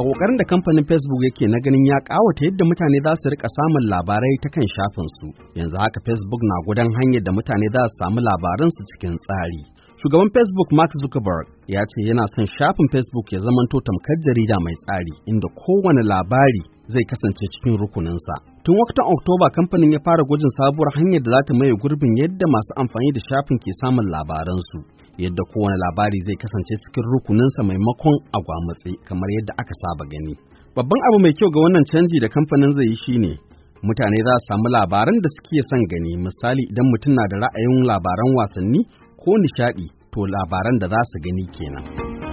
A ƙoƙarin da kamfanin Facebook yake na ganin ya ƙawata yadda mutane za su rika samun labarai ta kan shafinsu. Yanzu haka Facebook na gudan hanyar da mutane za su samu labaransu cikin tsari. Shugaban Facebook Mark Zuckerberg ya ce yana son shafin Facebook ya zamanto tamkar jarida mai tsari inda kowane labari zai kasance cikin rukuninsa. Tun watan Oktoba kamfanin ya fara gwajin sabuwar hanyar da za ta maye gurbin yadda masu amfani da shafin ke samun labaransu. yadda kowane labari zai kasance cikin rukuninsa maimakon agwamatse kamar yadda aka saba gani. Babban abu mai kyau ga wannan canji da kamfanin zai yi shine mutane za su samu labaran da suke son gani misali idan mutum na da ra'ayin labaran wasanni ko nishaɗi to labaran da za su gani kenan.